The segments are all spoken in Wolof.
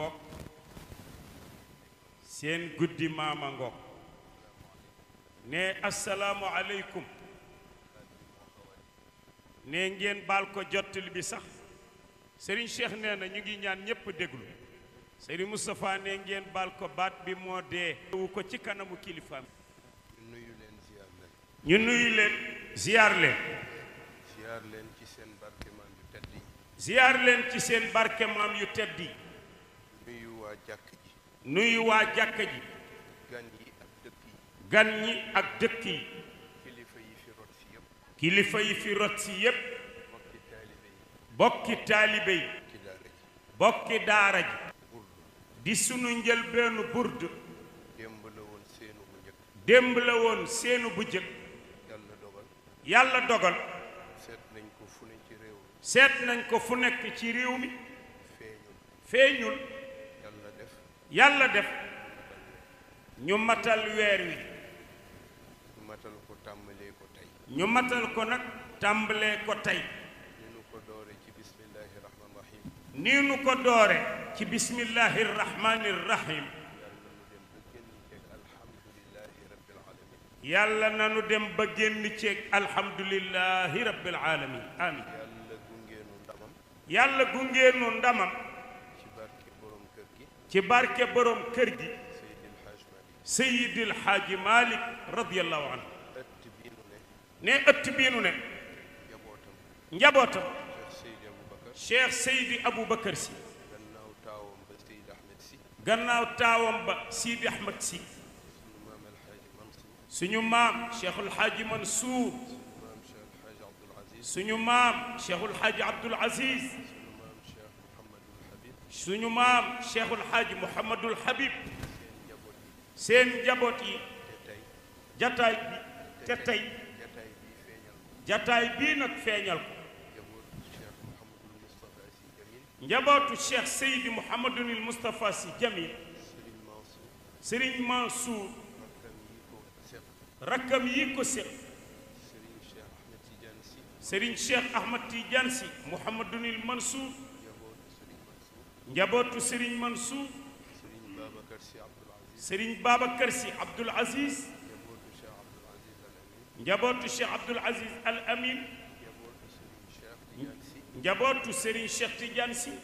ngoog seen guddi maama ngoog ne asalaamu aleykum ne ngeen baal ko jottali bi sax sëriñ Cheikh nee na ñu ngi ñaan ñépp déglu sëriñ Moustapha ne ngeen baal ko baat bi moo dee wu ko ci kanamu kilifaam ñu nuyu leen ziyaar leen ziyaar leen ci seen barke maam yu tedd leen ci seen barke maam waa jàkk ji nuyu waa jàkk ji gan yi ak dëkk yi gan ñi ak dëkk yi kilifa yi fi rot si yëpp kilifa yi fi rot si yëpp bokki taalibe yi bokki daara ji di sunu njëlbeenu burd démb seenu bu njëkk démb la woon seenu bu yàlla dogal yàlla seet nañ ko fu nekk ci réew mi nañ ko fu nekk ci réew mi feeñul feeñul yàlla def ñu matal weer wi ñu matal ko tàmbalee ko tey ñu matal ko nag tàmbalee ko tey ci bismillahi nii nu ko doore ci bismillahi rahmaani rahim yàlla na nu dem ba génn ceeg alhamdulillahi rabbil alamin yàlla gungeenu ndamam ci barke borom kër gi Seydil Xaaji Malik radiyallahu anhu ne ëtt bii nu ne njabootam Cheikh Seydi Aboubacar si gannaaw taawam ba Sidi Ahmed si suñu maam Cheikhul Xaaji Mansour suñu maam Cheikhul Xaaji Abdoul Aziz suñu maam cheikhul xaaji mouhamadul habib seen njaboot yi jataay bi te tey jataay bii nag feeñal ko njabootu cheikh seydi mouhamadunil moustapha si jamil sëriñ mansour rakkam yi ko séq sëriñ cheikh ahmad tidiane si mouhamadunil mansour جابوتو سرين منصور سرين بابا كرسي عبد العزيز سيرين بابا كرسي عبد العزيز جابوتو شيخ عبد العزيز الامين جابوتو سيرين شيخ تيجانسي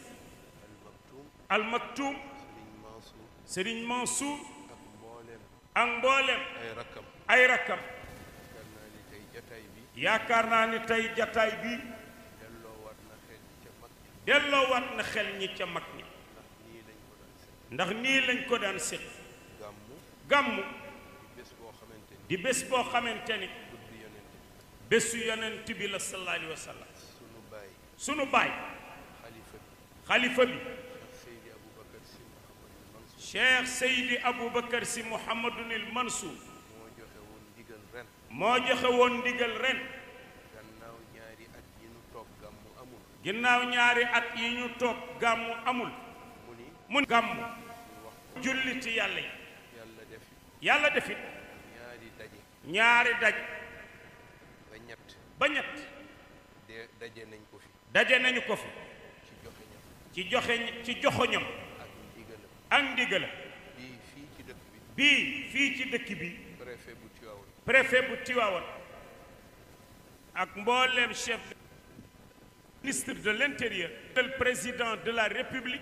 المكتوم سيرين منصور سيرين منصور اي ركب يا كارناني تاي جاتاي بي دلو وات نخل ني تي مكه ndax ni lañ ko daan séq gàmm di bés bo xamanteni bésu yonent bi la sallallahu alayhi sunu bay sunu bay khalifa bi khalifa bi cheikh seydi aboubacar si mouhamadunil mansour mo joxe won digal ren ginnaaw ñaari at yi ñu top gamu amul mun gam julli yalla yalla ñaari daj ba ñett ba ñett fi fi bi bi fi ci préfet préfet chef ministre de l'intérieur le président de la république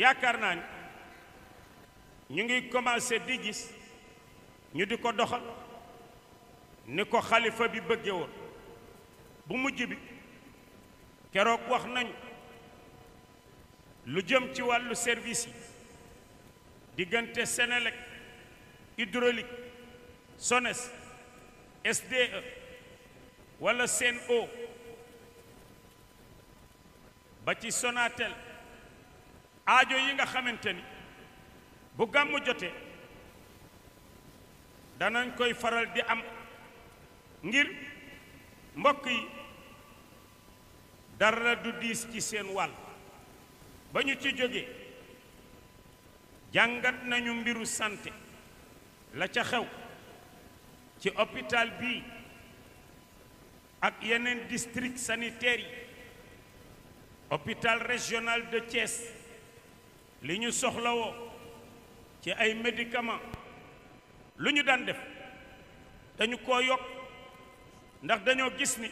yaakaar naa ni ñu ngi commencé di gis ñu di ko doxal ni ko xalifa bi bëgge woon bu mujj bi keroog wax nañu lu jëm ci wàllu service yi diggante Senelec idrolik SONES SDE wala SEN'EAU ba ci sonaatel aajo yi nga xamante ni bu gàmm jotee danañ koy faral di am ngir mbokk yi dara du diis ci seen wàll ba ñu ci jógee jàngat nañu mbiru santé la ca xew ci hôpital bii ak yeneen district sanitaire yi hôpital régional de Thiès li ñu soxlawoo ci ay médicament lu ñu daan def dañu ko yokk ndax dañoo gis ni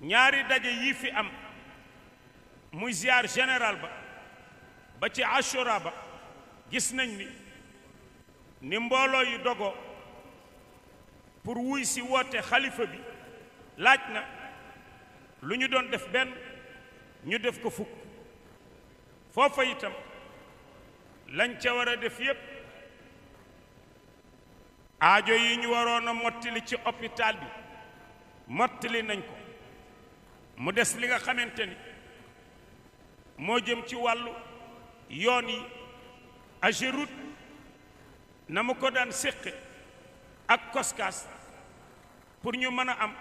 ñaari daje yii fi am muy ziar général ba ba ci ashura ba gis nañ ni ni mbooloo yi dogoo pour wuy si wote xalifa bi laaj na lu ñu doon def benn ñu def ko foofa itam lañ ca war a def yépp aajo yi ñu waroon a mottali ci hôpital bi mottali nañ ko mu des li nga xamante ni moo jëm ci wàllu yoon yi Ageroute na mu ko daan séqe ak koskaas pour ñu mën a am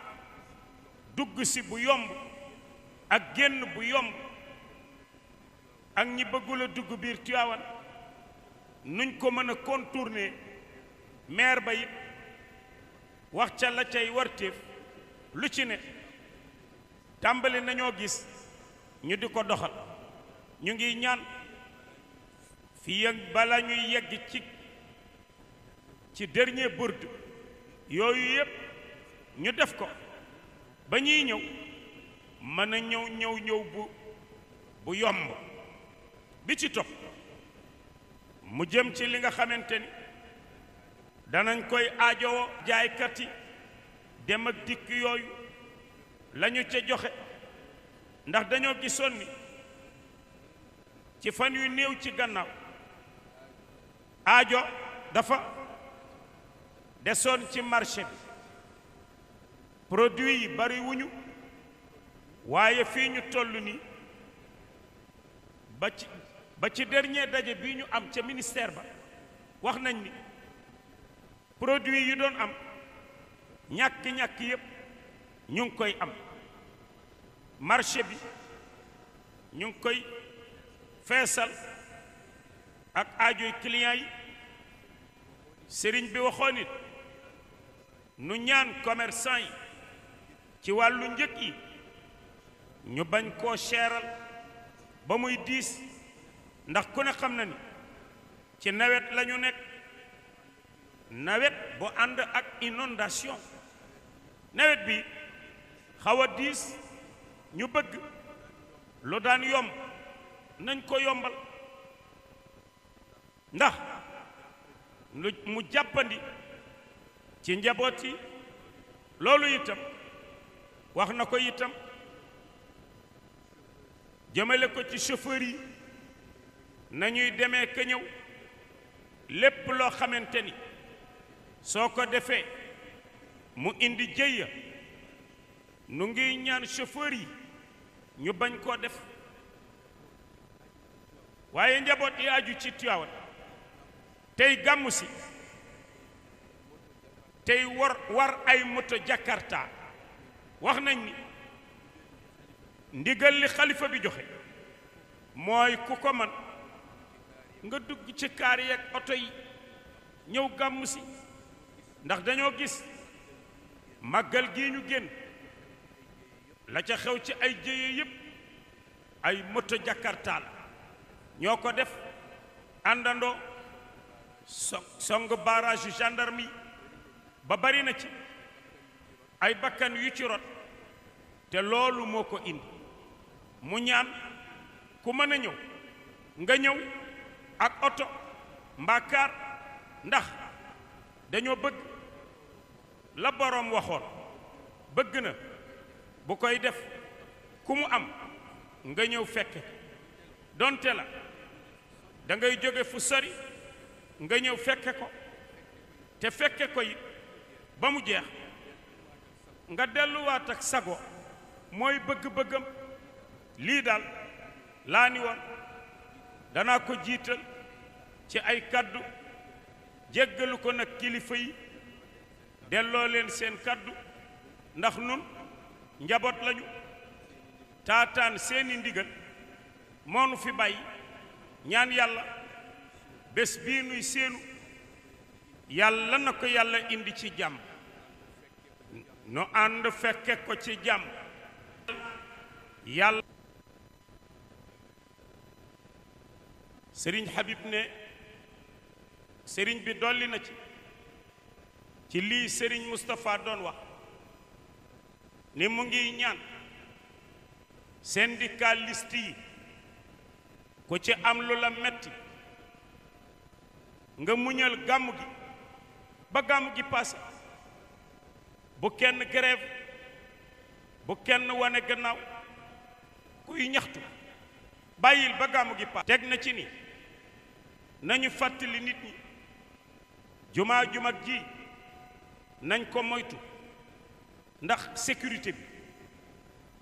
dugg bu yomb ak génn bu yomb ak ñi bëggul a dugg biir Tiwaawan nuñ ko mën a contourner maire ba it wax ca la cay wartéef lu ci ne tàmbali nañoo gis ñu di ko doxal ñu ngi ñaan fii yëg bala ñuy yegg ci ci dernier bourde yooyu yépp ñu def ko ba ñuy ñëw mën a ñëw ñëw ñëw bu bu yomb bi ci topp mu jëm ci li nga xamante ni danañ koy aajowoo jaaykat yi dem ak dikk yooyu lañu ci joxe ndax dañoo gisoon ci fan yu néew ci gannaaw aajo dafa desoon ci marché bi produit yi bariwuñu waaye fii ñu toll nii ba ci ba ci dernier daje bi ñu am ca ministère ba wax nañ ni produit yu doon am ñàkk-ñàkk yépp ñu ngi koy am marché bi ñu ngi koy feesal ak aajoy client yi sëriñ bi waxoon it nu ñaan commerçant yi ci wàllu njëg yi ñu bañ koo seeral ba muy diis ndax ku ne xam na ni ci nawet la ñu nekk nawet bu ànd ak inondation nawet bi xaw a ñu bëgg lu daan yomb nañ ko yombal ndax lu mu jàppandi ci njaboot yi loolu itam wax na ko itam jëmale ko ci chauffeur yi nañuy demee ka ñëw lépp loo xamante ni soo ko defee mu indi jëya nu ngi ñaan chauffeur yi ñu bañ koo def waaye njaboot yi aju ci Tiwaawan tey gàmmu si tey war war ay moto Jakarta wax nañ ni ndigal li xalifa bi joxe mooy ku ko man nga dugg ci kaar yi ak oto yi ñëw gàmm si ndax dañoo gis màggal gii ñu génn la ca xew ci ay jéye yépp ay moto jakarta la ñoo ko def àndandoo so song barrage yu ba bari na ci ay bakkan yu ci rot te loolu moo ko indi mu ñaan ku mën a ñëw nga ñëw ak oto mbaa ndax dañoo bëgg la boroom waxoon bëgg na bu koy def ku mu am nga ñëw fekke donte la da ngay jóge fu sori nga ñëw fekke ko te fekke ko yi ba mu jeex nga delluwaat ak sago mooy bëgg-bëggam lii daal laa ni woon dana ko jiital ci ay kaddu jéggalu ko nag kilifa yi delloo leen seen kaddu ndax nun njaboot lañu taataan seeni ndigal moonu fi bàyyi ñaan yàlla bés bii nuy seenu yàlla na ko yàlla indi ci jàmm nu ànd fekke ko ci jàmm yàlla sëriñ Habib ne sëriñ bi dolli na ci ci lii sëriñ Moustapha doon wax ni mu ngi ñaan syndicaliste yi ku ci am lu la metti nga muñal gàmm gi ba gàmm gi passé bu kenn grève bu kenn wane gannaaw kuy ñaxtu bàyyil ba gàmm gi passé teg na ci ni nañu fàttali nit ñi jumaa ju mag ji nañ ko moytu ndax sécurité bi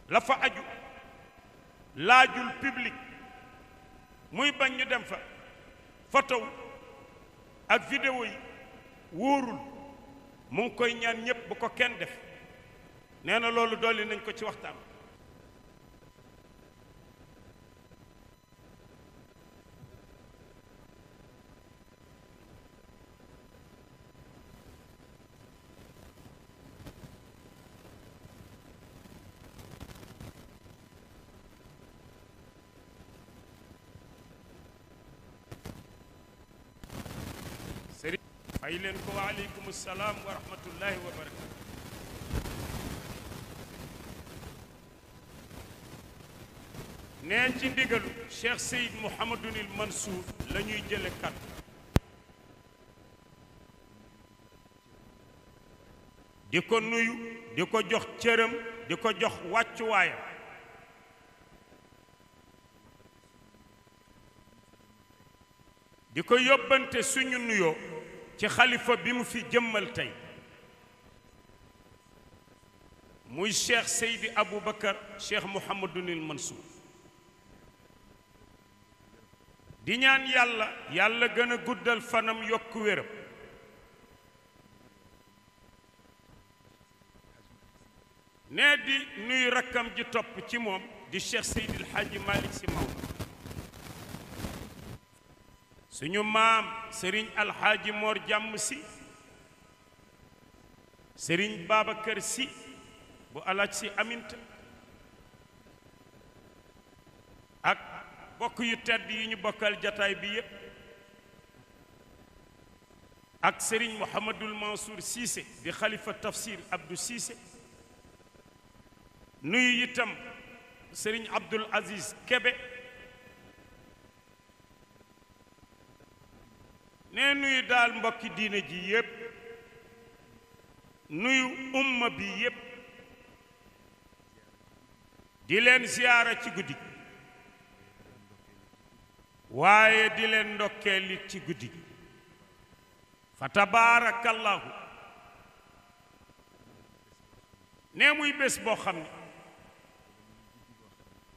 la aju laajul public muy bañ ñu dem fa photo ak vidéo yi wóorul mu ngi koy ñaan ñépp bu ko kenn def nee na loolu dolli nañ ko ci waxtaan ayleen leen ko waaleykum salaam wa rahmatullahi wa barakatu nee ci ndigalu Cheikh Seyd Mouhamadunil Mansour la jële kàddu di ko nuyu di ko jox cëram di ko jox wàccuwaayam di ko yóbbante suñu nuyoo ci khalifa bi mu fi jëmmal tay muy cheikh abou bakkar cheikh mohammedou mouhamadunil mansour di ñaan yàlla yàlla gëna guddal fanam yok wéram né di nuy rakam ci top ci mom di cheikh sayyid seydil haaji malik simaw suñu maam sëriñ alxaaji moor jàmm si sëriñ babacar si bu alaaj si amint ak bokk yu tedd yi ñu bokkal jataay bi yépp ak sëriñ mouhamadul mansour siise di xalifa tafsir abdou siise nuyu itam sëriñ abdul aziz kebe nee nuyu daal mbokki diine ji yépp nuyu umma bi yépp di leen ziyaara ci guddi gi waaye di leen ndokkeelit ci guddi gi fa tabaarakallahu nee muy bés boo xam ni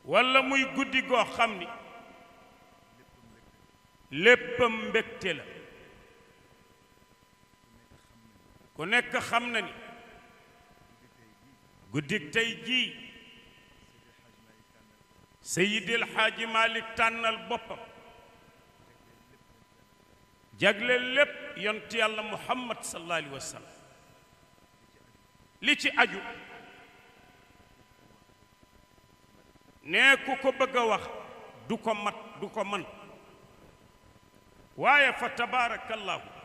walla muy guddi goo xam ni léppam mbégte la ku nekk xam na ni guddik tey jii sayidil xaaji malik tànnal boppam jagleel lépp yont yàlla muhammad sallallahu alayhi wa sallam li ci aju nee ku ko bëgg a wax du ko mat du ko man waaye fa tabaarakallahu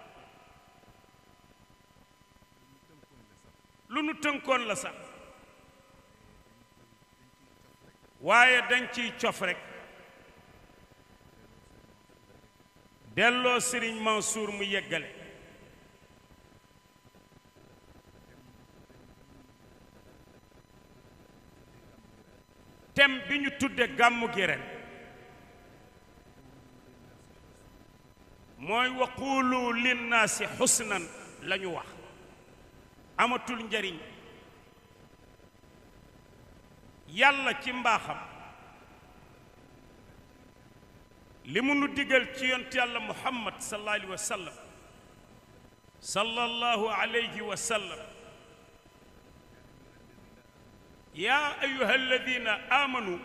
lu nu tënkoon la sax waaye dañ ciy cof rekk delloo Sëriñ Mansuur mu yeggale thème bi ñu tudde gàmmu gi mooy waquulu linnaasi xusnan la wax amatul njariñ yàlla ci mbaxam limu nu digal ci yont yàlla muhammad sallallahu alayhi wa sallam sallallahu alayhi wa sallam يا أيها الذين آمنوا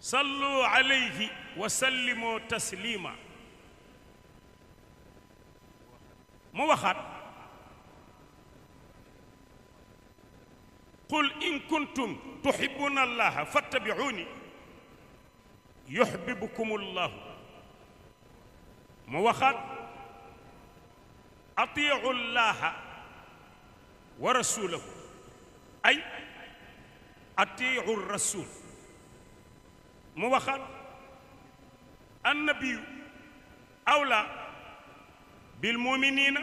صلوا عليه وسلموا تسليماً mu waxaat qul in kuntum tuhibbuna allaha fattabi'uni yuhibbukum allah mu waxaat atii'u allaha wa rasulahu ay atii'u ar-rasul mu waxaat النبي أولى بالمؤمنين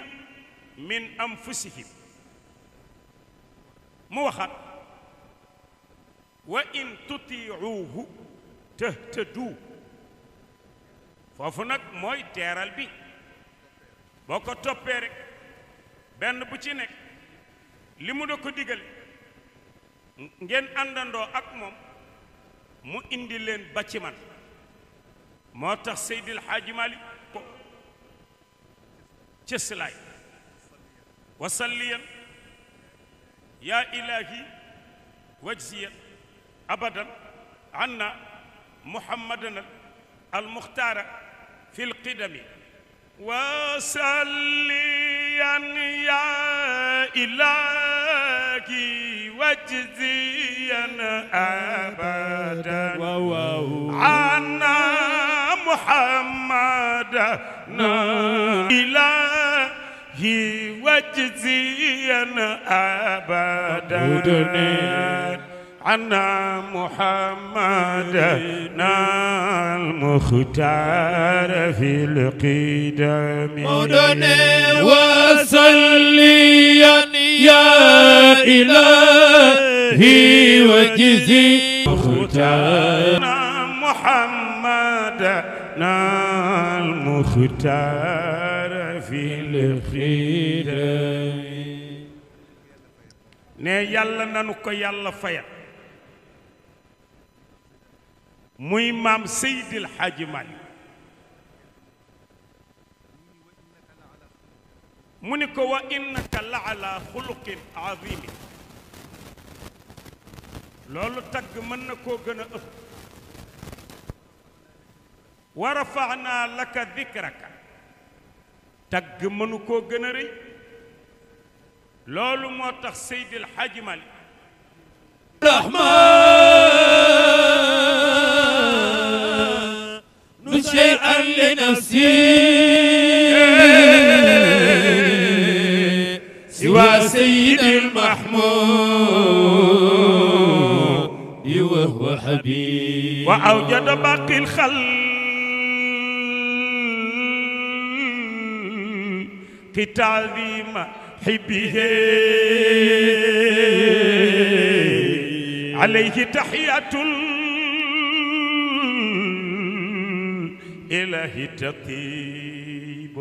من أنفسهم موخات وإن تطيعوه تهتدوا فوفو نك موي تيرال بي boko topé rek ben bu ci nek limu do ko digal ngeen andando ak mom mu indi len ba ci man motax sayyidul haji malik تسلاي وسليا يا إلهي وجزيا أبدا عنا محمدنا المختار في القدم وسليا يا إلهي وجزيا أبدا عنا محمدنا إلهي واجزيا أبدا عنا محمدنا المختار في القدم مدني وصليا يا إلهي وجزي مختار محمد مختار في الخير نيالا ننكو يالا فيا موي مام سيد الحاج مالي منك وانك لعلى خلق عظيم لولو تك منكو غنا اخ ورفعنا لك ذكرك تج منكو غنري لولو موتخ سيد الحاج مالي الرحمن شيئا لنفسي سوى سيد المحمود يوه حبيب وأوجد باقي الخلق كتعظيم حبه عليه تحية الإله تطيب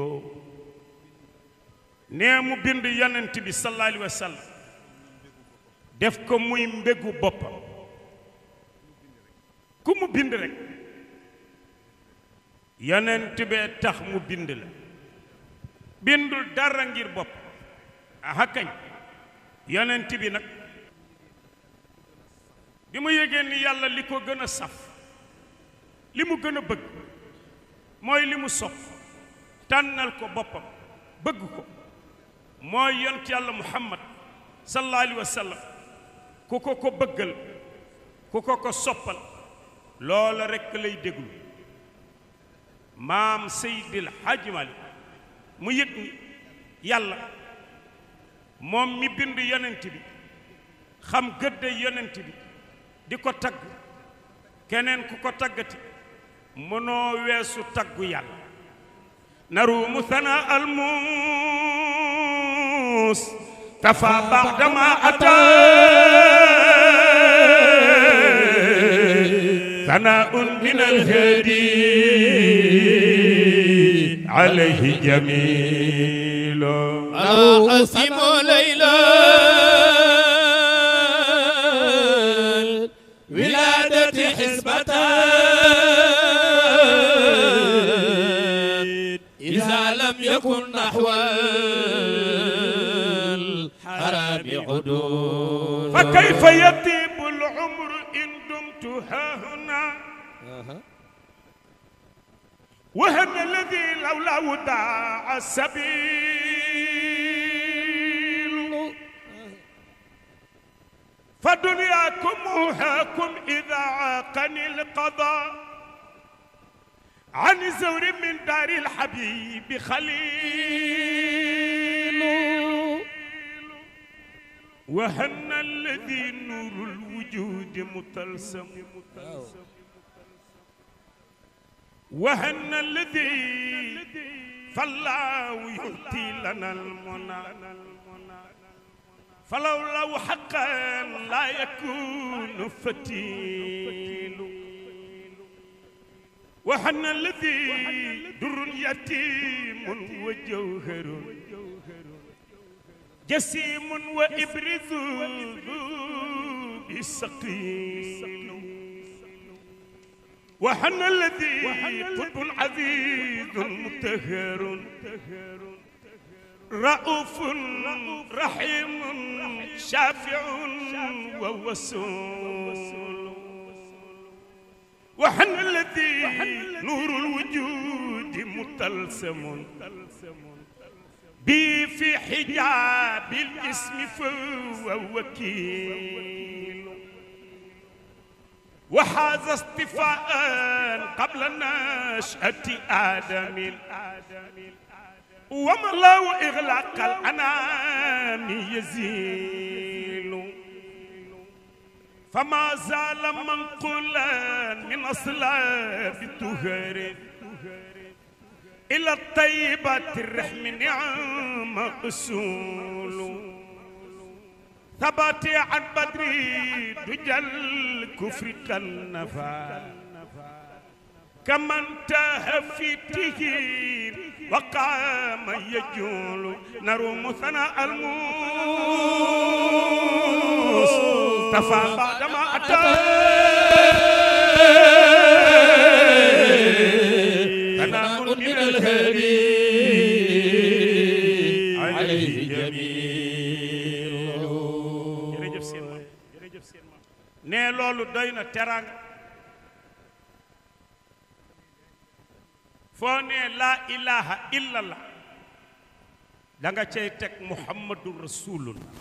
neemu bind yonent bi sallallahu alayhi wa sallam def ko muy mbégu boppam ku mu bind rek yonent bee tax mu bind la bindul dara ngir bopp aha kañ yonent bi nag bi mu yégee ni yàlla li ko gën a saf li mu gën a bëgg mooy li mu sopp tànnal ko boppam bëgg ko mooy yont yàlla muhammad sallallahu alayhi wa sallam ku ko ko bëggal ku ko ko soppal loola rekk lay déglu maam seydil haaji malik mu yëg ni moom mi bind yonent bi xam gëdde yonent bi di ko tagg keneen ku ko taggati mënoo weesu taggu yàlla naruumu sana almus tafa baxdama ata sana un min alhadi عليه جميل أقسم أسيم ليلى ولادة حسبة إذا لم يكن نحو الحرام عدود فكيف يطيب العمر إن دمت هاهنا وهن الذي لولا وداع السبيل فدنياكم هاكم إذا عاقني القضاء عن زور من دار الحبيب خليل وهن الذي نور الوجود متلسم متلسم وهن الذي فالله يؤتي لنا المنى فلولا حقا لا يكون فتيل وحن الذي در يتيم وجوهر جسيم وإبرز ذو وحنا الذي قلب العزيز المتهر رؤوف رحيم شافع ووسول وحنا الذي نور الوجود متلسم بي في حجاب الاسم فهو وكيل وحاز اصطفاء قبل نشأة آدم وملا إغلاق الأنام يزيل فما زال منقولا من أصلاف التهر إلى الطيبة الرحم نعم أصول ثبت عن بدري دجل كفر النفا كمن تهفته وقام يجول نار مثنى الموس تفا بعدما أتى تنام من الهدي loolu doy na teraanga foo nee laa ilaha illallah da nga cay teg muhammadu rasulullah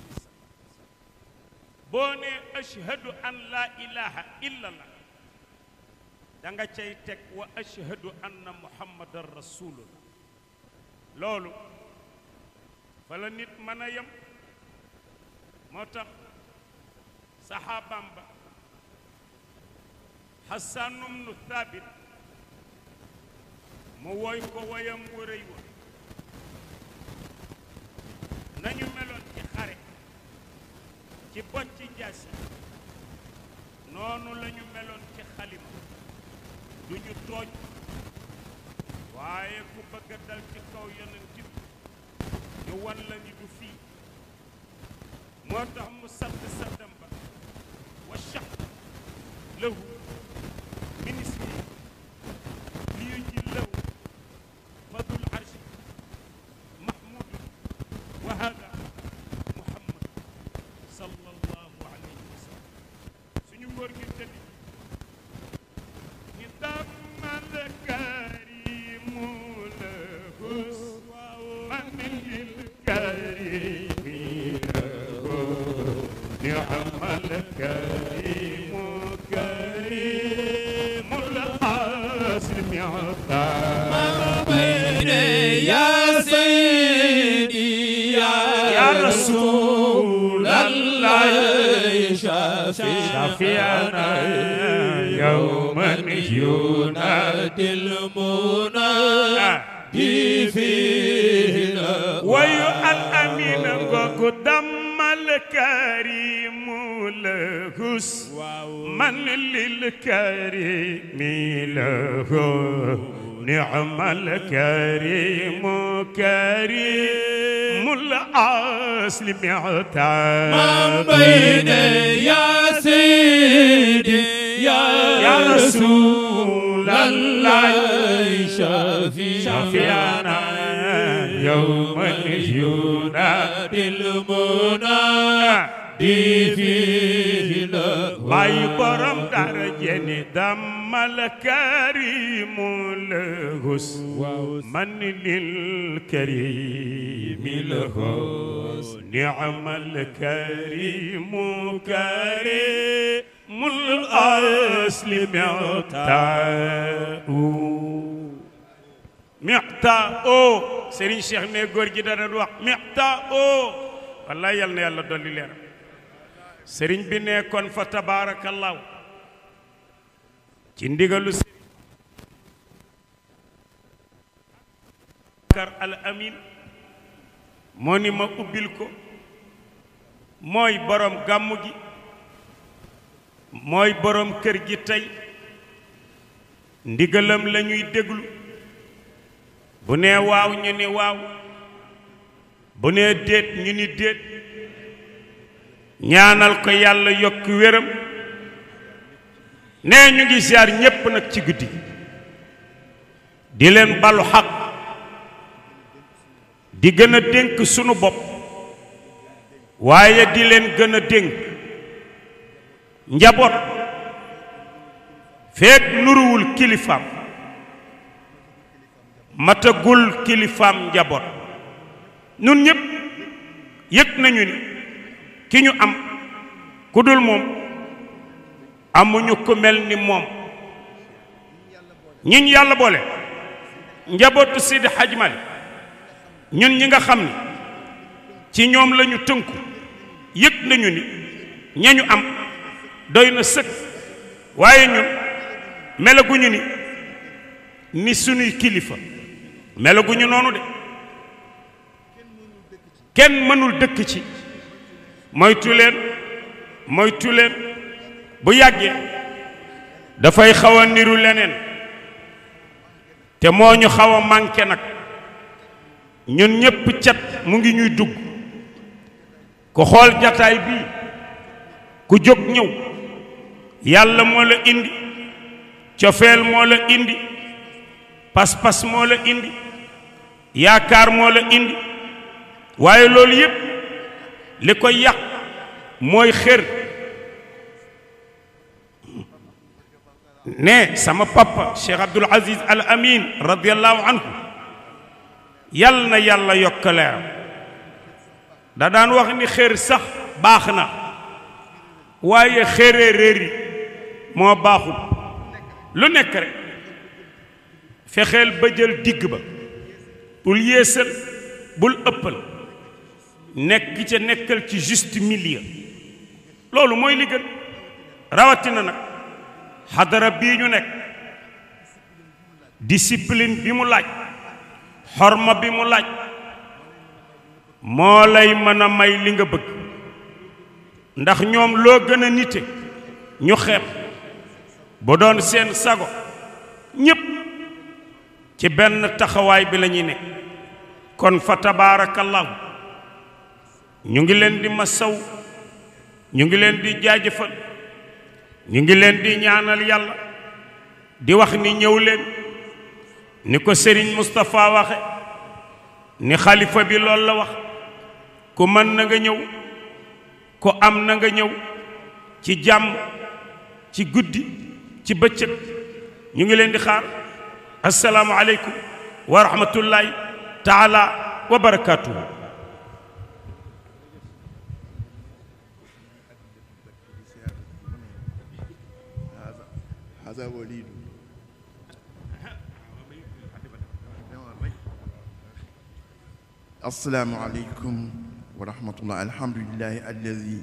boo nee ashhadu an laa ilaha illallah da nga cay teg wa ashhadu anna muhammadan rasulullah loolu fa nit mën a yem moo tax saxaabaam حسان بن ثابت مووي كو ويام وريو نانيو ملون تي خاري تي بوتي جاسي نونو لانيو ملون تي خاليما duñu toj waaye ku bëgg dal ci kaw yonent bi ñu wan la ni du fii moo tax mu sant sant الكريم له نعم الكريم كريم الأصل معتاد ما بين يا سيدي يا, رسول الله شفيعنا يوم ينادي المنادي فيه له دم الكريم الهسوى من للكريم الهوس نعم الكريم كريم الأصل معتا معتاء سيرين شيخ نيغور غور جي دا wax معتاء والله يالنا يالا دولي لير سيرين بي نيكون فتبارك الله ci ndigalu Serigne Bakar al Amin moo ni ma ubbil ko mooy boroom gàmmu gi mooy borom kër gi tey ndigalam lañuy déglu bu ne waaw ñu bu ne déet ñu ni déet ñaanal ko yàlla yokk wéram nee ñu ngi siyaar ñépp nag ci guddi di leen balu xaq di gën a dénk sunu bopp waaye di leen gën a dénk njaboot feek nuruwul kilifaam matagul kilifaam njaboot nun ñépp yëg nañu ni ki ñu am ku dul moom amuñu ku mel ni moom ñiñ yàlla boole njabootu Sidi Hadj Malick ñun ñi nga xam ni ci ñoom lañu tënku yëg nañu ni ñañu am doy na sëkk waaye ñun melaguñu ni ni sunuy kilifa melaguñu noonu de kenn mënul dëkk ci moytu leen bu yàggee dafay xaw a niru leneen te moo ñu xaw a manqué nag ñun ñépp cet mu ngi ñuy dugg ku xool jataay bii ku jóg ñëw yàlla moo la indi cofeel moo la indi pas-pas moo la indi yaakaar moo la indi waaye loolu yépp li ko yàq mooy xër ne sama papa Cheikh Abdoul Aziz Al Amin radiyallahu anhu yal na yàlla yokk leeram da daan wax ni xéer sax baax na waaye xéeree réer yi moo baaxul lu nekk rek fexeel ba jël digg ba bul yéesal bul ëppal nekk ca nekkal ci juste milieu loolu mooy li gën rawatina nag xadara bii ñu nekk discipline bi mu laaj xorma bi mu laaj moo lay mën a may li nga bëgg ndax ñoom loo gën a nite ñu xeeb bu doon seen sago ñépp ci benn taxawaay bi la ne kon fa tabaarakallahu ñu ngi leen di ma masaw ñu ngi leen di jaajëfal ñu ngi leen di ñaanal yàlla di wax ni ñëw leen ni ko sëriñ Moustapha waxe ni xalifa bi loolu la wax ko mën na nga ñëw ku am na nga ñëw ci jàmm ci guddi ci bëccëg ñu ngi leen di xaar asalaamu aleykum wa rahmatullahi taala wa barakaatuhu السلام عليكم ورحمة الله الحمد لله الذي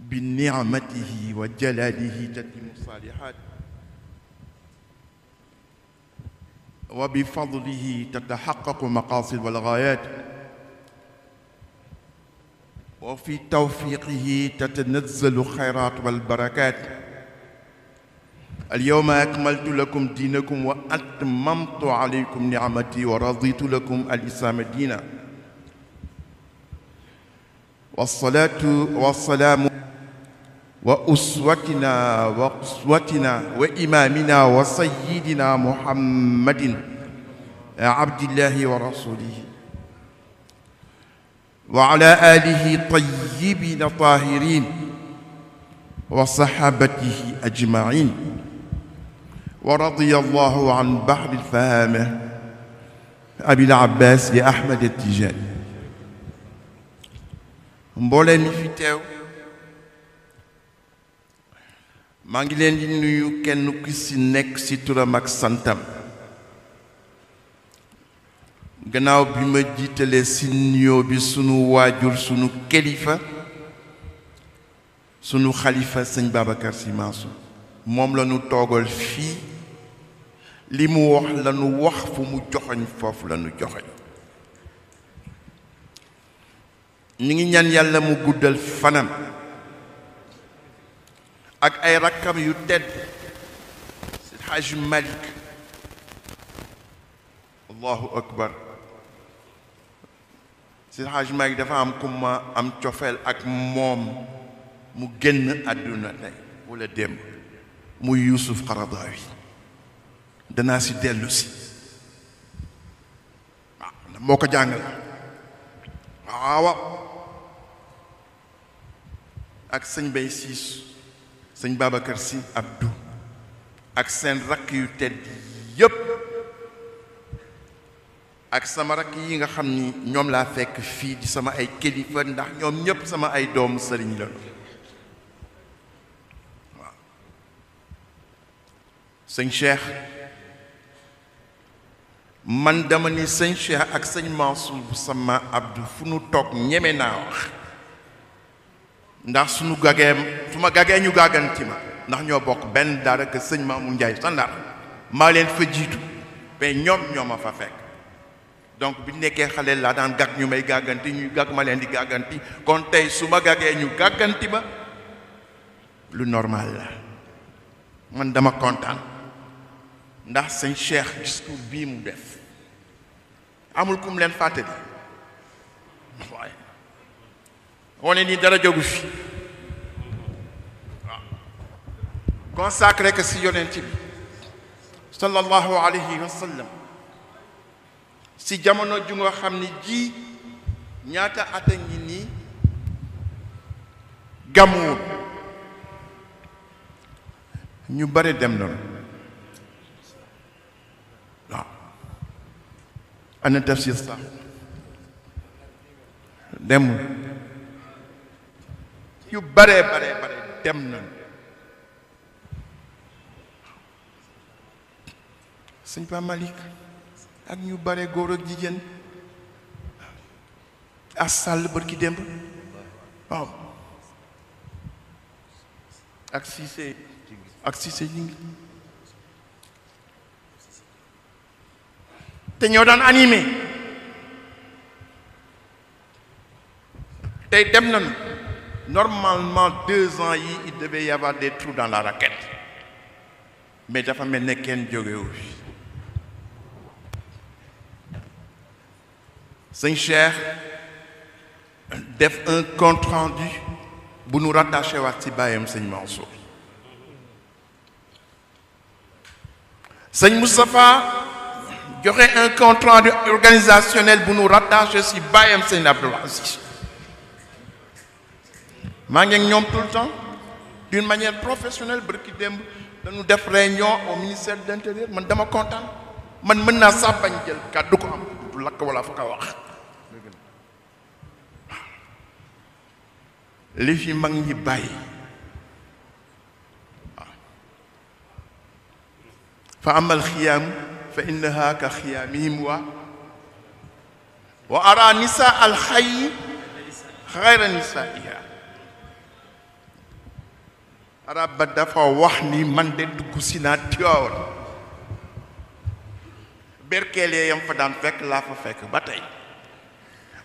بنعمته وجلاله تتم الصالحات وبفضله تتحقق مقاصد والغايات وفي توفيقه تتنزل الخيرات والبركات اليوم أكملت لكم دينكم وأتممت عليكم نعمتي ورضيت لكم الإسلام دينا والصلاة والسلام وأسوتنا وقسوتنا وإمامنا وسيدنا محمد عبد الله ورسوله وعلى آله طيبين طاهرين وصحابته أجمعين ورضي الله عن بحر الفهامة أبي العباس لأحمد التجاني mboolee mi fi teew maa ngi نكسي di nuyu kenn gannaaw bi ma jiitalee si bi sunu waajur sunu kilifa sunu xalifa sëñ Babacar Sy Mansour moom la ñu toogal fii li mu wax la ñu wax fu mu joxoñ foofu la ñu joxoñ ñu ngi ñaan yàlla mu guddal fanam ak ay rakkam yu tedd si Hajj Malik allahu akbar Seydi Hadj Malick dafa am ku ma am cofeel ak moom mu génn àdduna tey wala démb muy Yuusuf Qaradawi danaa si dellu si waaw moo ko jàngal waaw ak sëñ Bay Siis sëñ Babacar Si Abdou ak seen rakk yu tedd yépp ak sama rak yi nga xamni ñom la fekk fi di sama ay kilifa ndax ñom ñep sama ay dom sëriñ la waaw sëñ Cheikh man dama ni sëñ Cheikh ak sëñ Mansour sama Abdou fu nu tok ñeme na wax ndax suñu gagee suma ma gagee ñu gàgganti ma ndax ño bokk ben daara ke sëñ Mamour Ndiaye Sandar ma leen fa jiitu mais ñoom fa fekk donc bi ñu xalé la daan ñu may ñu ma di kon vous ñu ba lu normal la man dama content ndax Cheikh discours mu def amul kum leen faté di est ni dara jogu fi que si yonent sallallahu alayhi wa sallam ci jamono ju nga xam ne ji ñaata at a ngi nii gàmmuwul ñu bare dem noonu waaw ana tafsir sax demul yu bare bare bare dem noonu sëñ Pa Malick ak ñu bare goor ak jigéen as sàll bërki démb waaw ak Cissé ak Cissé ñi ngi ñoo daan animé tey dem nañ normalement deux ans yi il devait y avoir des trous dans la raquette mais dafa mel ne kenn wu Saint cher, def un compte rendu nous rattacher à waat ci Mansour. Seigneur Mansour il y aurait un compte rendu organisationnel pour nous rattacher à bàyyam Seigneur Abdoul Aziz tout le temps d'une manière professionnelle bërki nous dañu def réunion au ministère de l'intérieur man dama kontaan man mën naa sax bañ jël kàddu ko am du wala fa ko wax li fi mag ñi bàyyi waaw fa amal xiyaam fa innaha ka xiyaamihim wa wa ara nisa alxayi xayra nisaiha arab ba dafa wax ni man de dugg si naa Tiwaawan berkelee yam fa daan fekk laa fa fekk ba tey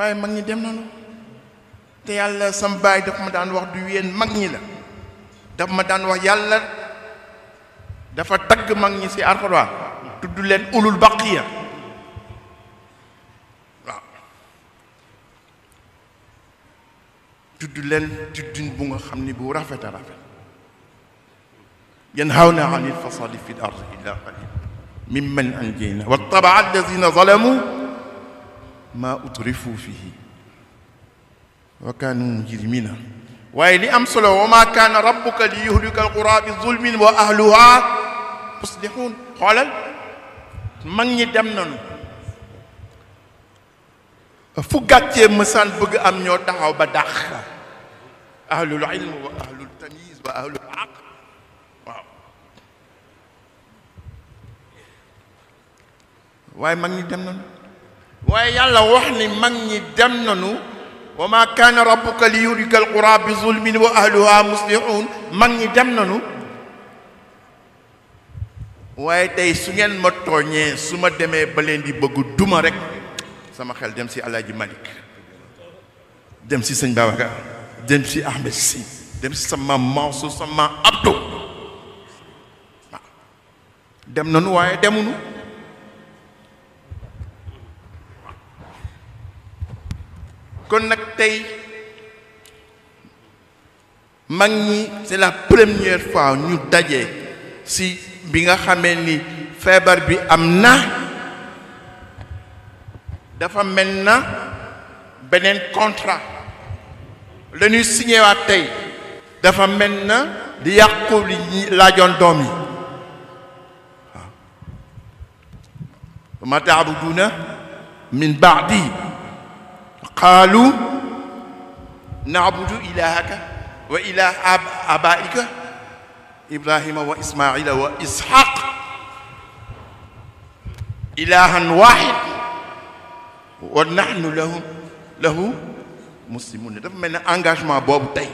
waye mag ñi dem nañu te yàlla sam bay daf ma daan wax du yéen mag ñi la daf ma daan wax yàlla dafa tag mag ñi ci alxuraan tuddu len ulul baqiya waaw tudd leen tuddin bu nga xamni bu rafet a rafet yanhawna anil fasadi fi l ard illa qalil mimman anjayna wattaba allazina zalamu ما أترفوا فيه وكانوا مجرمين وإلي أمسل وما كان ربك ليهلك القرى بظلم وأهلها مصلحون قال من يدمنا فقط مسان بغ أم يوتا أو بدخ أهل العلم وأهل التمييز وأهل العقل واي ماغي دم نانو waaye yàlla wax ni mag ñi dem nanu wa ma kaana rabbuka li yurika alqura bi zulmin wa ahluha muslihun mag ñi dem nanu waaye tey su ngeen ma tooñee su ma demee ba leen di bëgg duma rek sama xel dem si alaaji malik dem si sëñ babacar dem si ahmed si dem si sama mansu sama abdo dem nanu waaye demunu kon nak tay magni c'est la première fois ñu dajé si bi nga xamé ni feebar bi amna dafa melna benen contrat le ñu signé wa tay dafa melna di yàqu li laajoon doom min ba'di قالوا نعبد إلهك وإله أبائك إبراهيم وإسماعيل وإسحاق إلها واحد ونحن له له مسلمون دا من انغاجمون بوب تاي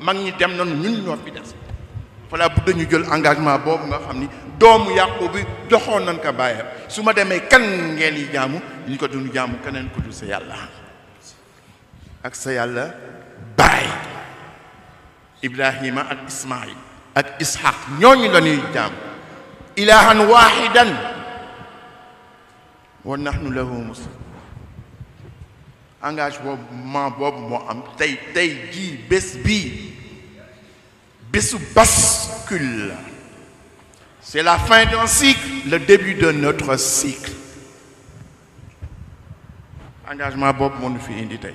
ماغي ديم نون نين نو في داس فلا بود ني جول انغاجمون بوب ما خامني دوم يعقوب دخون نان كا بايام سوما ديمي كان غيلي جامو ني كو دون جامو كنن كو دوس يالله ak sa yàlla baay ibrahima ak ismail ak ishaq ñooñu la ñuy jaam ilahan wahidan wa nahnu lahu muslim engagement bob mo am tay tay gi bes bi bisu bascule c'est la fin d'un cycle le début de notre cycle engagement bob mo ñu fi indi tay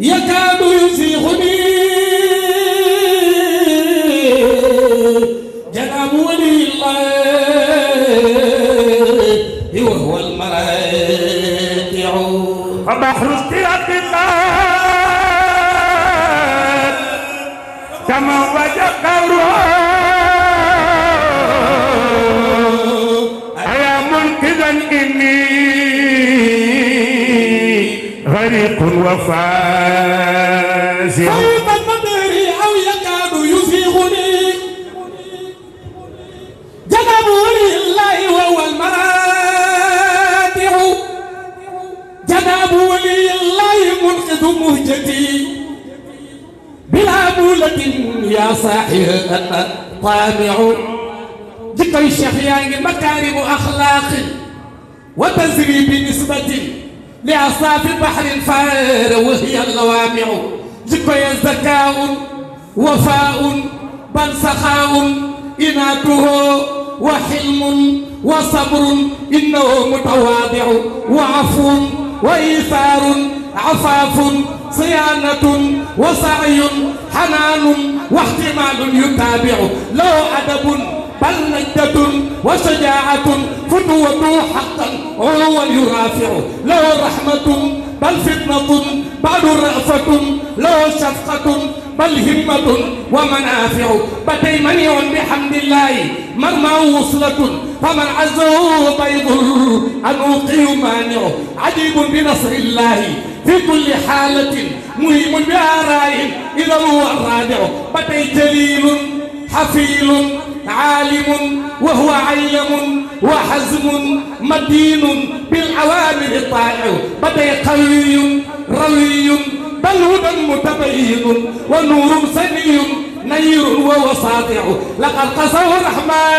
يكاد يزيغني جناب ولي الله وهو المراجع فبحر اشتياق الله كما وجد قوله كن وفاسر فوق المدري أو يكاد يزيغني جنب ولي الله وهو المراتع جنب ولي الله منقذ مهجتي بلا مولة يا صاحب طامع ذكر الشيخ يا مكارم اخلاقي وتزري بنسبة لأصاف البحر الفار وهي اللوامع جبي زكاء وفاء بل سخاء إناته وحلم وصبر إنه متواضع وعفو وإيثار عفاف صيانة وسعي حنان واحتمال يتابع له أدب بل نجدة وشجاعة فتوة حقا هو يرافع له رحمة بل فتنة بل رأفة له شفقة بل همة ومنافع بتي منيع بحمد الله مرمى وصلة فمن عزه بيض أن أوقيه مانع عجيب بنصر الله في كل حالة مهم بآرائه إذا هو الرادع بتي جليل حفيل عالم وهو علم وحزم مدين بالعوامل طائع بدا قوي روي بل هدى متبين ونور سني نير ووساطع لقد قصه الرحمن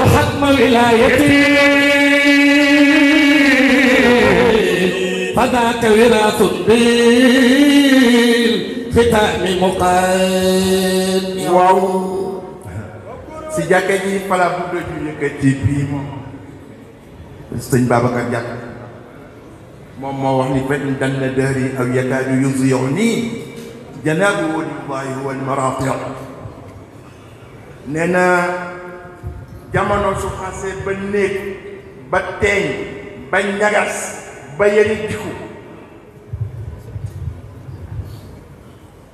حكم ولايته فذاك وراث الدين ختام مقام waaw si jàkka ji pala bu doon ju yëkkati bii moom sëñ Babacar jàkk moom moo wax ni fat dan na dëhri aw yakaadu yuziyox nii janaabu walillahi wal marafiq nee na jamono su xasee ba néeg ba teeñ ba ñagas ba yëri jiku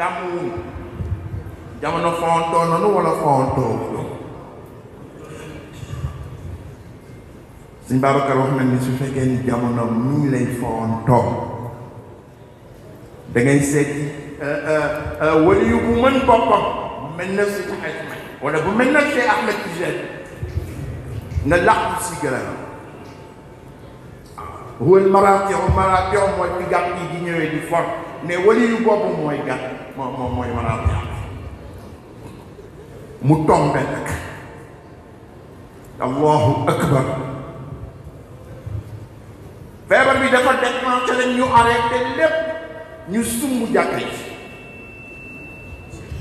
tàmm wuñ jamono fontoo nanu wala fontoo suñ Babacar wax na ni su fekkee ni jamono nii lay fontoo da seet euh, euh, euh, wali yu bu mën boppam mel na si taxay may bu mel na see Ahmed Tijani nga làqu si gëlëm wël maraatixu maraatixu mooy bi gàtt yi di ñëwee di for mais wali yu boppam mooy gàtt moom moom mooy mën a am yàlla mu tombe nag allahu akbar feebar bi dafa déclenché lañ ñu arrêté lépp ñu sumb jàkka yi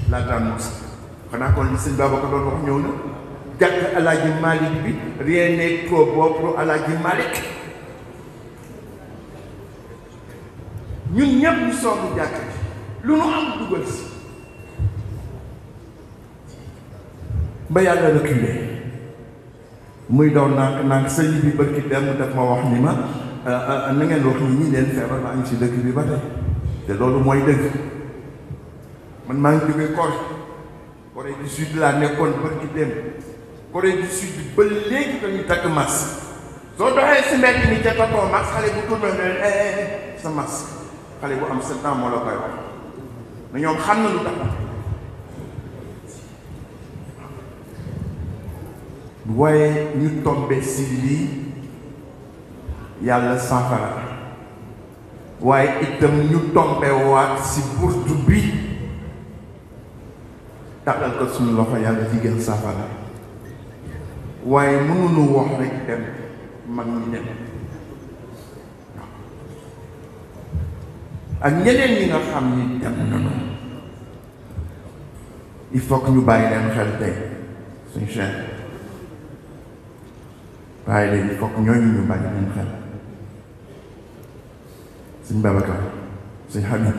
laataan mos xanaa kon sëñ Babacar ko doon wax ñëw na jàkk alaaji Malick bi rien n'est trop beau pour alaaji Malick ñun ñëpp ñu soobu jàkk lu nu am dugal si ba yàlla reculé muy daw nànk nànk sëñ bi bëgg dem daf ma wax ni ma ah, ah, ah, na ngeen wax ni ñi leen feebar maa ngi si dëkk bi ba tey te loolu mooy dëgg man maa ngi jóge Corée Corée du Sud laa nekkoon bëgg dem Corée du Sud ba léegi dañuy takk masque soo doxee si mbedd mi ca takkoo masque xale bu tourné eh, eh, eh, sa masque xale bu am sept ans moo la koy mais ñoom xam na lu tax waaye ñu tombe si lii yàlla saafara waaye itam ñu tombe waat si burtu bi taxal ko suñu loxo yàlla jigéen safara waaye mënuñu wax rek dem mag ñi dem ak ñeneen ñi nga xam ni dem nañu il faut que ñu bàyyi leen xel tey suñu cher waaye léegi il faut que ñooñu ñu bàyyi leen xel suñ Babacar suñ Habib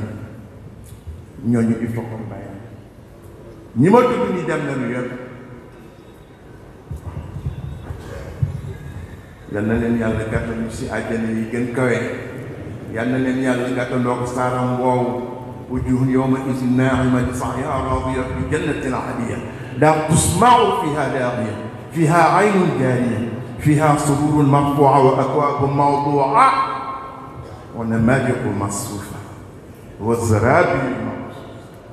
ñooñu il faut que ñu bàyyi ñi ma tudd ni dem nañu yëpp yal na leen yàlla gàttal ñu si àjjana yi gën kawe. يالنا لين يالا غا تندوك سارام بو وجوه يوم اذن ناعمه تصعيا راضيه في جنه العبيه لا تسمع فيها لاغيه فيها عين جاريه فيها سرور مرفوعه واكواب موضوعه ونماذج مصفوفه والزرابي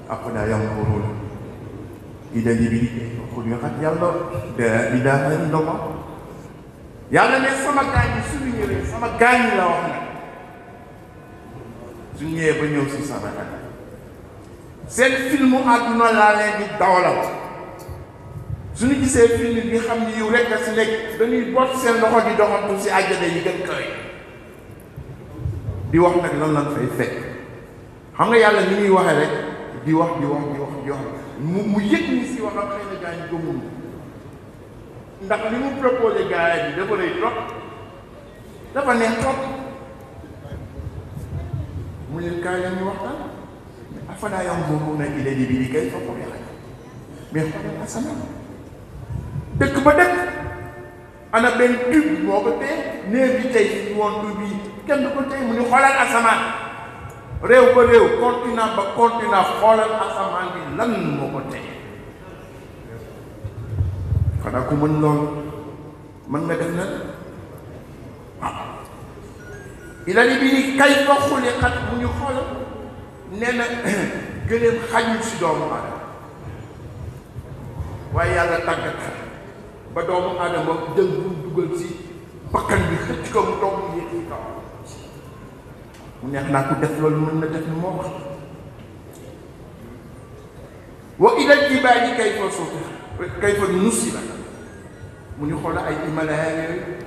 أقول يا مولانا إذا جبريل يا قد يلا ده إذا هم دوما يلا نسمع كاني سوينيري سمع كاني suñ ñëwee ba ñëw si sama kanam seen filmu àdduna laa leen di dawalal suñu gisee film bi xam ni yiw rek a si nekk dañuy bot seen loxo di doxantu si àjjana yi gën kawe di wax nag lan lan fay fekk xam nga yàlla ni ñuy waxee rek di wax di wax di wax mu mu yëg ni si waxam xëy na gaa gëmul ndax li mu proposé gars yi dafa rëy trop mu ne kaay la ñu waxtaan afalaa yanzuruuna ilal ibili kayfa xuliqat mais xoolal asamaan dëkk ba dëkk ana benn tube moo ko tee néeg bi tey woon tube yi kenn du ko tey mu ne xoolal asamaan réew ba réew continent ba continent xoolal asamaan bi lan moo ko tey xanaa ku mën loolu mën na def nag إلى ليبيني كيف خلقت من يخلق نما جنم خيل سدوم على ويا لا تكتر بدوم على ما بدم بدوغل سي بكن بختكم توم يتيكا من يحنا كده فلول من نجات الموقع وإلى الجبال كيف صوتها كيف نصيبها من يخلق أي ملاهي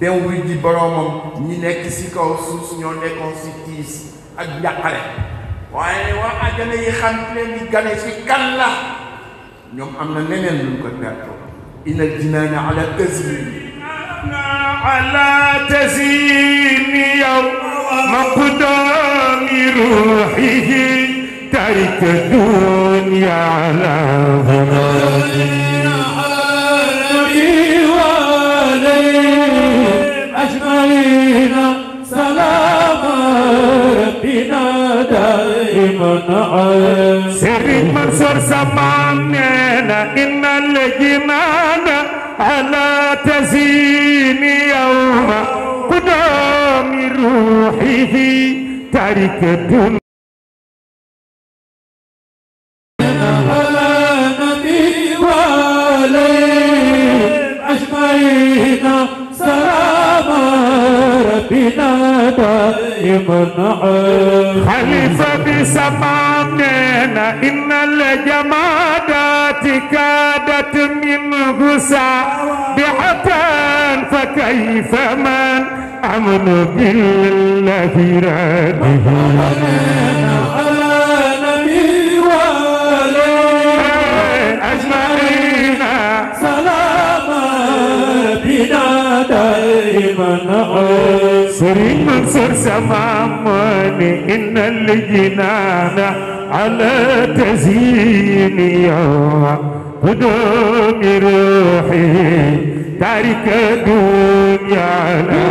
dem wuy ji boroomam ñi nekk ci kaw suuf ñoo nekkoon ci tiis ak njàqare waaye la ñoom am na leneen luñ ko perto ina jinaana ala tasmin ma Serigne Mansour sa maam nee na innal jinaana ala tazini yawma qudaami ruuxihi tarikatun بنا دائما خليفة إن الجمادات كادت منه سابحة فكيف من أمن بالذي رده دائما سري منصور سمامني إن الجنان على تزيني ودوم روحي تارك الدنيا على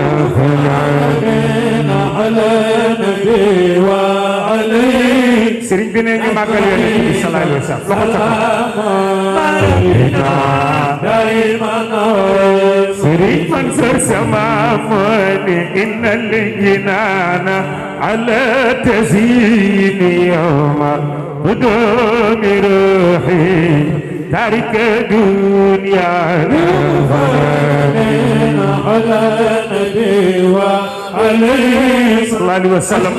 علينا على نبي وعلي سرين بنا ني ماغال صلى الله عليه وسلم لوخو تاخو دائما سري منظر سمامني إن الجنان على تزيين يوم قدوم روحي تارك دنيا نفرين على النبي وعليه صلى الله عليه وسلم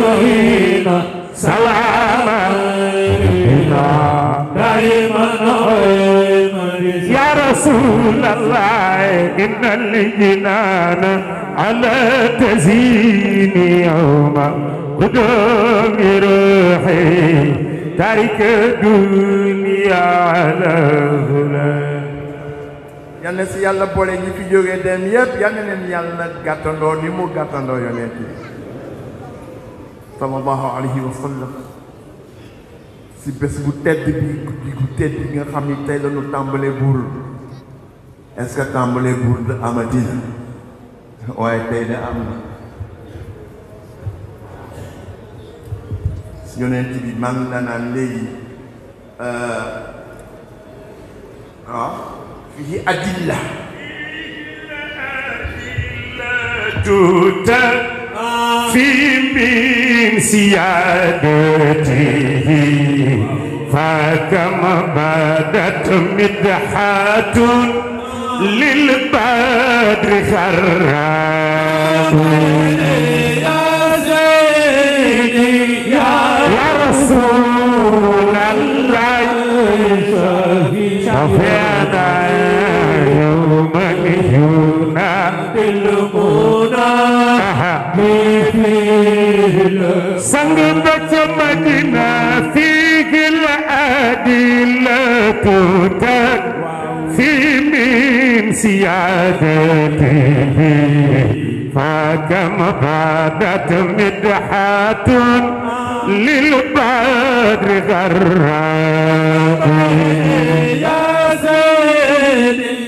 سلام دائما يا رسول الله إن الجنان على تزين يوم قدوم روحي تارك دنيا على هنا yal na si yàlla boole ñi fi jógee dem yépp yal na leen yàlla gàttandoo ni mu gàttandoo yonent bi sallallahu alayhi wa sallam si bés bu tedd bi guddi gu tedd bi nga xam ni tey la ñu tàmbalee buur est tàmbalee buur da amati na waaye tey da am na yonent bi maa ngi la naan léegi waaw euh, ah, fii adilla adilla tuuta في من سيادته فكما بدت مدحات للبدر خراب يا زيدي يا رسول الله شفيعنا sanggup baca madina sigil adina putar Simin siada tibi Fagam badat midhatun Lil badri gharrabi Ya Zaini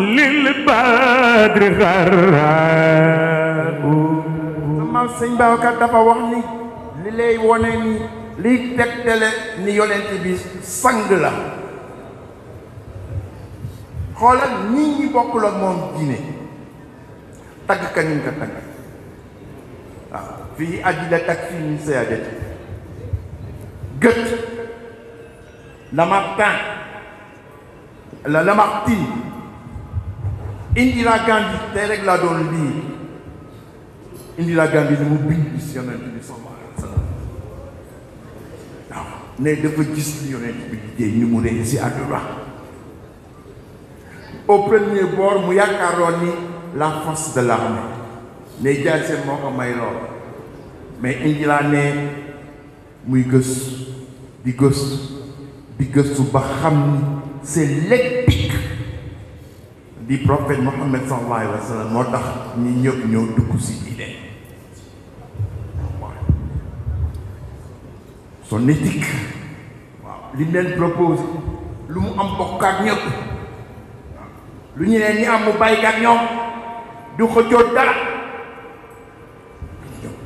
للبدر غراب maam sëñ Babacar dafa wax ni li lay wone ni liy tegtale ni yonent bi sang la xoolal nit ñi bokkul ak moom diine tagg ka ñu ko tagg waaw fii aji la tag fii min sayaadati gët la martin Indira Gandhi tey rek laa doon lii Indira Gandhi li mu bind si yonent bi sallallahu alayhi wa sallam waaw ne dafa gis li yonent ni mu rëy si àdduna au premier bord mu yaakaaroon ni la force de l'armée ne jaay seen moo ko may lool mais Indira ne muy gëstu di gëstu di gëstu ba xam ni c'est l'épique di prophète Muhammad sallallahu alayhi moo tax ñi ñëpp ñoo dugg si diine waaw son éthique waaw li mu am bokkaat ñëpp lu ñu leen ñi am mu bàyyi ak ñoom du xëccoo dara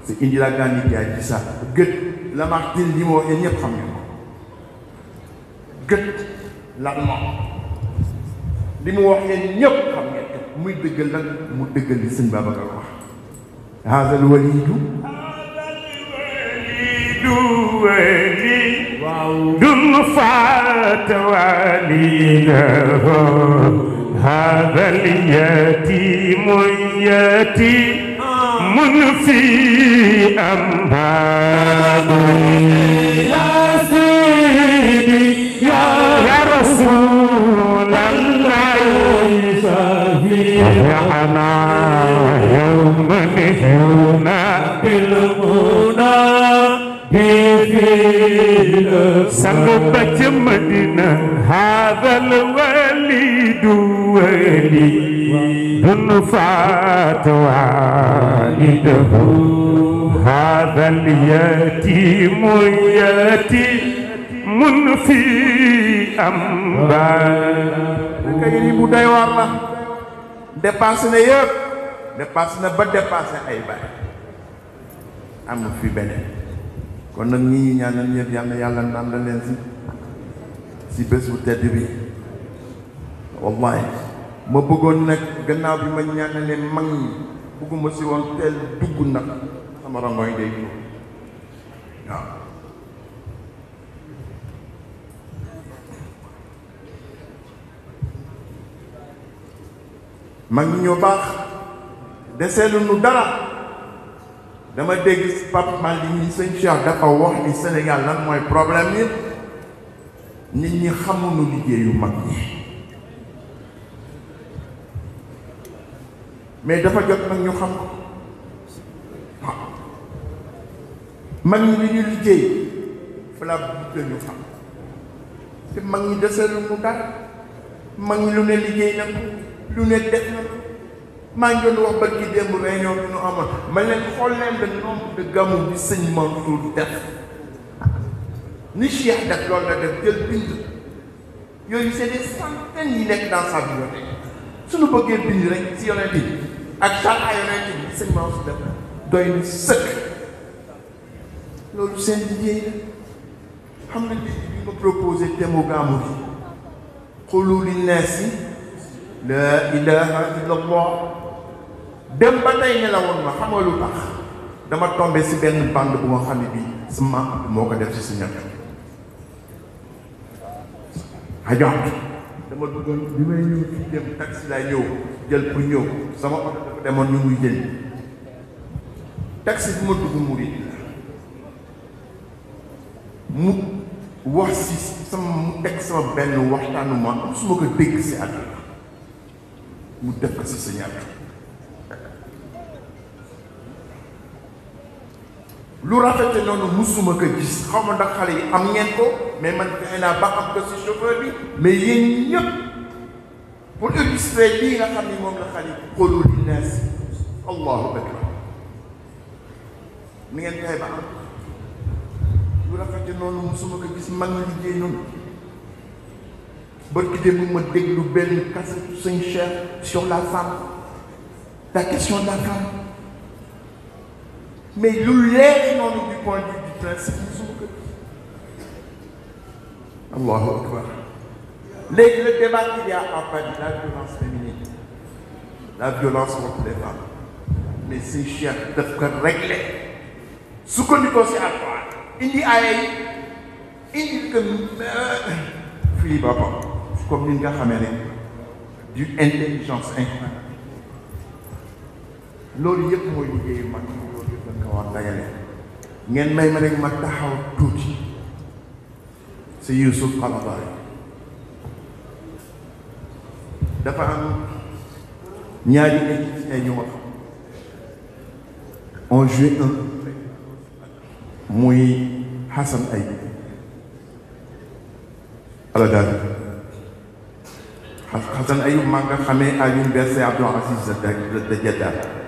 te Indira Gandhi jaay ci sax gët Lamartine li mu waxee ñëpp xam ne ko gët lan moom li mu wax yéen ñëpp xam ngeen muy dëggal nag mu dëggal li sëñ Babacar wax haazal waliidu waliidu dum faat waliidahu haazal yatiimu yatiimun fi amhaadu ya sayyidi ya rasuul بالمنى بالمنى سلب جمدنا هذا الوليد وليد فات والده هذا اليتيم يتيم في أنبا. kay li bu doy waar la dépense na yëpp. dépasse na ba dépassé ay bari amul fi beneen kon nag ñi ñi ñaanal ñëpp yal na yàlla ndam la leen si bés bu tedd bi wallahi ma bëggoon nag gannaaw bi ma ñaanale mag ñi bëgguma si woon teel dugg nag sama rangooy day tuur waaw mag ñi ñoo baax deseelu nu dara dama dégg Pape Malick ni sëñ Cheikh dafa wax ni Sénégal lan mooy problème yi nit ñi xamuñu liggéeyu mag ñi mais dafa jot nag ñu xam mag ñi li ñu liggéey fala bu ñu xam te mag ñi deseelu nu dara mag ñi lu ne liggéey na lu ne def na maa ngi wax ba kii démb réunion bi ñu amoon ma leen xool leen le nombre de gamu bi sëñ Mansour def ni Cheikh def loolu la def jël bind yooyu c'est des centaines yi nekk dans sa bibliothèque suñu bëggee bind rek si yonent bi ak sara yonent bi sëñ Mansour def doy na sëkk loolu seen liggéey la xam na li bi ma proposé thème gàmmu bi laa ilaha illa allah dem ba tey nelawoon na xam lu tax dama tombé si benn bande bu nga xam ne bii sama ab moo ko def si si ñett ajox dama duggoon ñëw jël pour ñëw sama oto dafa demoon ñu muy jënd taxi bi ma dugg murid la mu wax si sama mu teg sama benn waxtaanu ma am su ma ko dégg si àdduna mu def si sa ñaar lu rafete noonu musuma ko gis ndax mais ba ko si chauffeur bi mais yéen pour illustrer lii nga xam les moom la allahu akbar ngeen ba am rafete musuma ko gis man liggéey ba kité nous déglu sur la femme la question de la femme mais nous lèverons du point de vue du principe Allahu Akbar. Le, débat qu'il y a en Paris, la violence féminine, la violence contre les femmes, mais c'est chiens doivent être réglés. Ce que nous aussi à toi, il dit à il dit que euh, Philippe Papa, comme gare américaine, d'une intelligence incroyable. pour dit ko war ngeen may ma rek ma taxaw tuuti si Yuusuf Xalabaay dafa am ñaari égyptiens ñu wax muy Hassan ay ala daal Hassan Ayub maa nga xamee Alioune Berse Abdou Aziz da da Jaddaal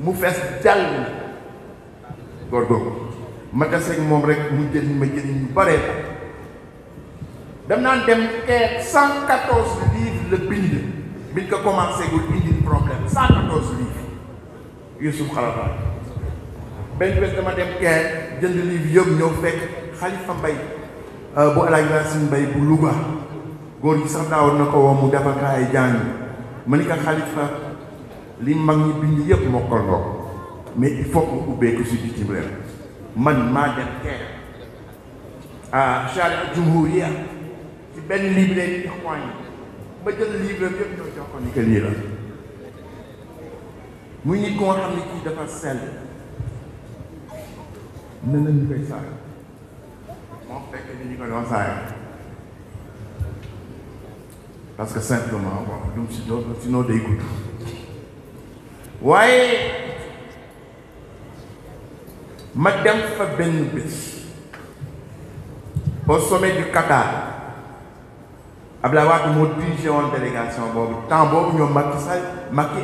mu fess dal góor googu ma tase ak mom rek mu jël ma jël ñu bare dem naan dem ke 114 livres le bind bi ko commencé gul indi problème 114 livres yusuf khalafa ben bés dama dem ke jënd livre yëm ñëw fekk khalifa Mbay euh, bu alaaj Racine Mbay bu luba gor gi sax daawoon nako wo mu defal ko ay jàng ma liñ mag ñi yëpp mokkal nga ko mais il faut que ubbeeku si bitim réew man maa dem teel ah charia jumhuriya ci benn livre yi jox jël livre yëpp ñoo jox ko ni que lii la muy nit ko nga xam ne kii dafa sell ne koy saaga moom fekk ni ñu ko doon saaga parce simplement bon jum si doon sinon day gudd Oui, Madame dem fa au sommet du Qatar Abdoulaye dirigé en délégation bobu Tant bobu ñom Macky Sall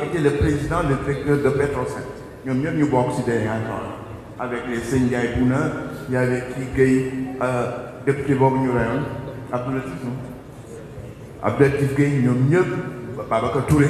était le président de directeur de Petrosen ñom ñu ci avec les sëñ que Bouna y avait euh, député ñu Touré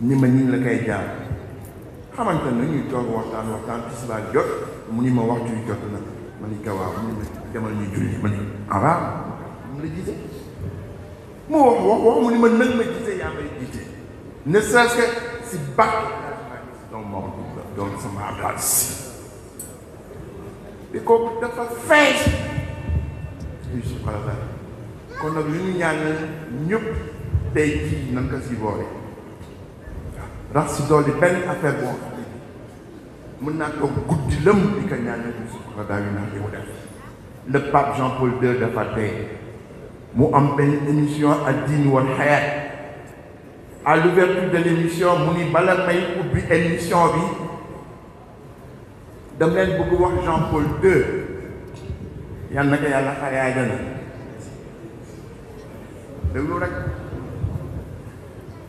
ni ma ñu la kay jaar xamante na ñuy toog waxtaan waxtaan tisbaar jot mu ni ma waxtu yu jot na ma ni je demal ñuy julli ma ni avant ah mu la ni ma ma may ne que si bàq suis moom donc sama si dafa si rax si dolli benn affaire boo xam ne mën naa toog guddi lëm di ko ñaanal ñu sutura daal yu naan li def le pape Jean Paul II dafa tey mu am benn émission ad-Din wal Hayat à l'ouverture de l'émission mu ni bala may ubbi émission bi dam leen bëgg wax Jean Paul II yal na ko yàlla xare àjjana déglu rek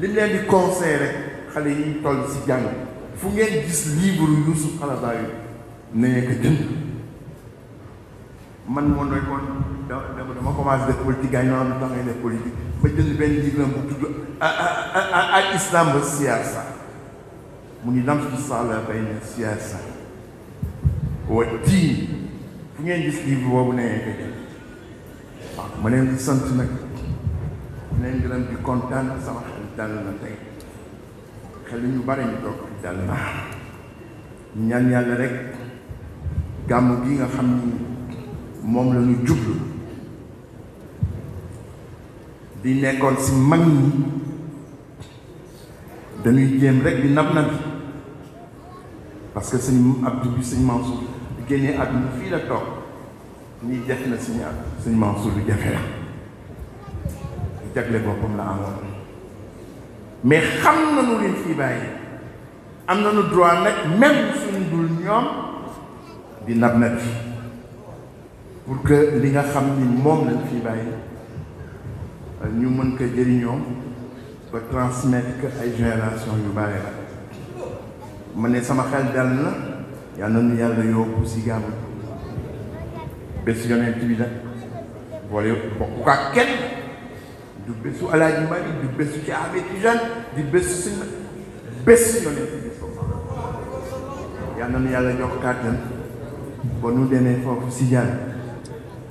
li leen di conseil rek xale yi toll si jàng fu ngeen gis livre Youssouf Xalabayu na ngeen ko jënd man moom mooy kon dama dama commencé def politique gars yi ma am da ngay def mu ngi nam si sala bay na siyaasa wa tii fu ngeen gis livre boobu na ngeen ko jënd ah, ma leen di sant nag ma leen gërëm di kontaan sama dal na tey xel ñu bare ñu toog dal na ñu ñaan rek gàmm gi nga xam ni moom la ñu jublu di nekkoon ci mag ñi dañuy jéem rek di nab nab parce que sëñ Abdou bi sëñ Mansour bi génnee àdduna fii la toog ñuy def na suñu ab sëñ Mansour bi jafe la jagle boppam la amoon mais xam nañu leen fi bàyyi am nañu droit nag même suñu dul ñoom di nab nag pour que li nga xam ni moom lañ fi bàyyi ñu mën ko jëriñoo ba transmettre que ay génération yu bari la ma ne sama xel dal na yal na ñu yàlla yóbbu si gàmmu bés yonent bi la boole bokk ko kenn du bésu Alaaji Malik du bésu ci Ahmed Tijaan di bésu si bés yonent bi yal yàlla jox kàttan ba nu demee foofu si jàll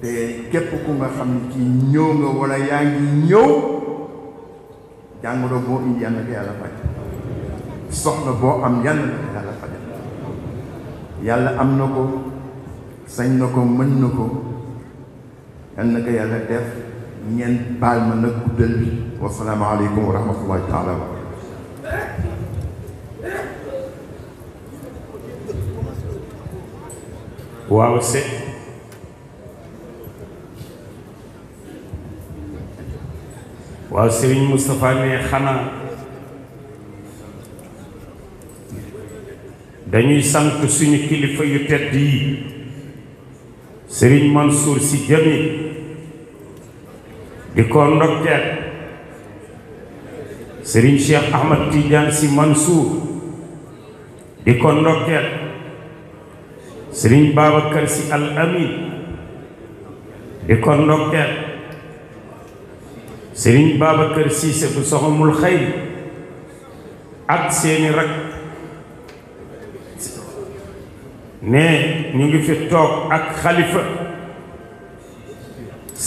te képp ku nga xam ne kii ñëw nga wala yaa ngi ñëw jàngoro boo indi yal na yàlla faj soxla boo am yal na ko yàlla faj yàlla am na ko sañ na ko mën na ko yal na ko yàlla def ñen baal ma nag guddal bi wa alaykum wa rahmatullahi taala wa waaw se waaw Serigne mustapha ne xana dañuy sant suñu kilifa yu tedd yi Serigne Mansour si Djamil di ko ndokkeel Serigne Cheikh Ahmad Tidiane Sy Mansour di ko ndokkeel Serigne Babacar Sy Al Amin di ko ndokkeel Serigne Babacar Sy bu soxamul xayri ak seeni rak ne ñu fi toog ak xalifa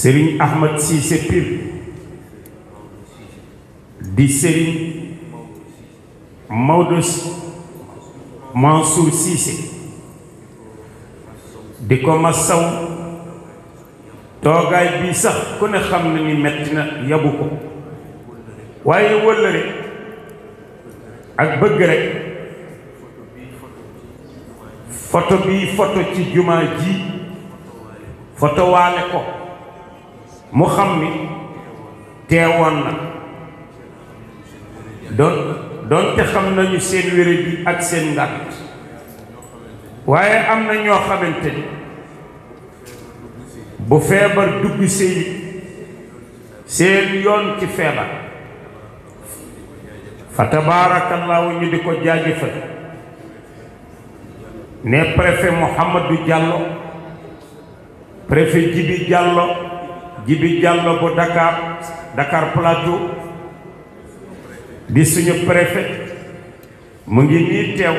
Serigne Ahmad Cissé Pir di Serigne Maodo Mansour Cissé di ko masaw toogaay bii sax ku ne xam na ni metti na yabu ko waaye wëllëre ak bëgg rek foto bii foto ci jumaa ji fotowaale ko mu xam ni teewoon na don donte xam nañu seen wéré bi ak seen ngàtt waye am na ñoo xamante bu feebar dugg sey seen yoon ci feebar fa tabarakallahu ñu diko ko jaajëfal ne préfet mohammed du Diallo préfet djibi Diallo Jibi Diallo bo Dakar Dakar Plateau di suñu préfet mu ngi ni tew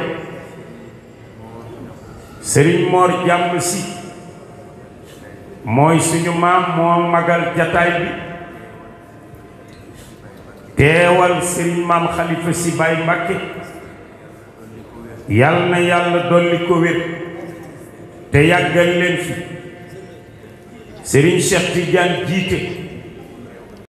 Serigne Mor Jàmm si moy suñu mam mo magal jataay bi teewal Serigne mam Khalifa si Baye Mbacké yal na yàlla dolli ko te yagal len fi Serigne Cheikh Tidiane jiite